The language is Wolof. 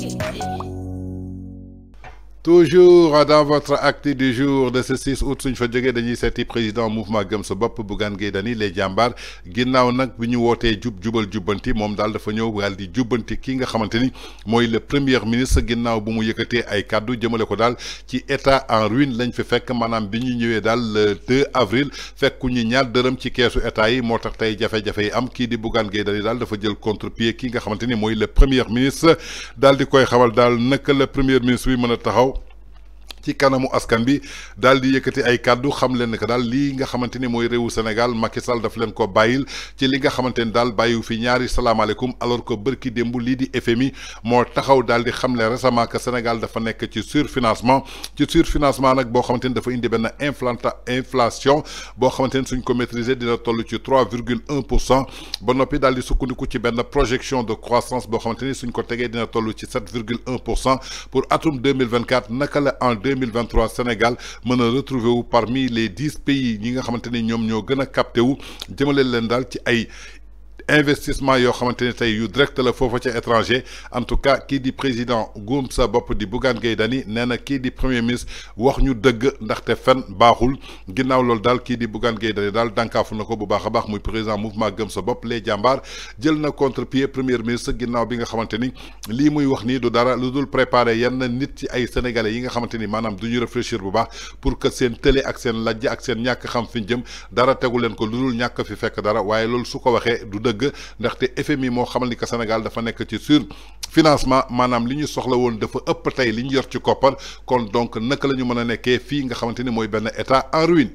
Hey. toujours dans votre acte du jour de ce 6 août suñ fa jógee dañuy seeti président mouvement gëm sa bopp Bougane les jàmbaar ginnaaw nag bi ñu wootee jub jubal jubbanti moom daal dafa ñëw daal di jubbanti ki nga le premier ministre ginnaaw bu mu yëkkatee ay kàddu jëmale ko daal ci état en ruine lañ fi fekk maanaam le 2 avril fekku ñu ñaar dërëm ci keesu état yi moo tax tey jafe-jafe yi am kii di Bougane dafa jël contre-pied ki nga xamante le premier ministre daal di koy xamal le premier ministre bi mën a ci kanamu askan bi daal di yëkkati ay kàddu xam leen ne que dal lii nga xamante ni mooy réewu Sénégal Macky Sall daf leen ko bàyyil ci li nga xamante ni daal bàyyiwu fi ñaari salaamaaleykum alors que barki démb lii di FMI moo taxaw dal di xam récemment que Sénégal dafa nekk ci surfinancement ci surfinancement nag boo xamante ni dafa indi benn inflanta inflation boo xamante ni suñ ko maîtriser dina toll ci trois virgule un pour cent ba noppi ci benn projection de croissance boo xamante ni suñ ko tegee dina toll ci sept virgule un pour cent pour atum deux 2023 Sénégal me retrouve parmi les 10 pays ñi nga xamanteni ñom ñoo gëna capté wu jëmelel investissement yo xamanteni tay yu direct la fofu ci étranger en tout cas qui di président guum sa di Bougane Gueye Dany nee na di premier ministre wax ñu ndax ndaxte fen baxul ginnaw loolu dal ki di Bougane Gueye dal daal dànkaafu nako bu baax bax président mouvement gëm sa bopp les jambar jël na contre-pied premier ministre ginnaw bi nga xamanteni li muy wax ni du dara lu dul préparer yenn nit ci ay sénégalais yi nga xamanteni manam duñu du réfléchir bu baax pour que sen télé ak sen laj ak sen ñak xam fi dara tegu ko lu dul fi fekk dara waye loolu su ko du dëgg ndaxte FMI moo xamal ni que Sénégal dafa nekk ci sur financement maanaam li ñu soxla woon dafa ëpp tey li ñu yor ci koppar kon donc naka la ñu mën a nekkee fii nga xamante ni mooy benn état en ruine.